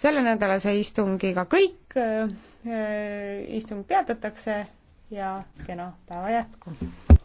sellenädalase istungiga kõik, äh, äh, istung peatatakse ja kena päeva jätku!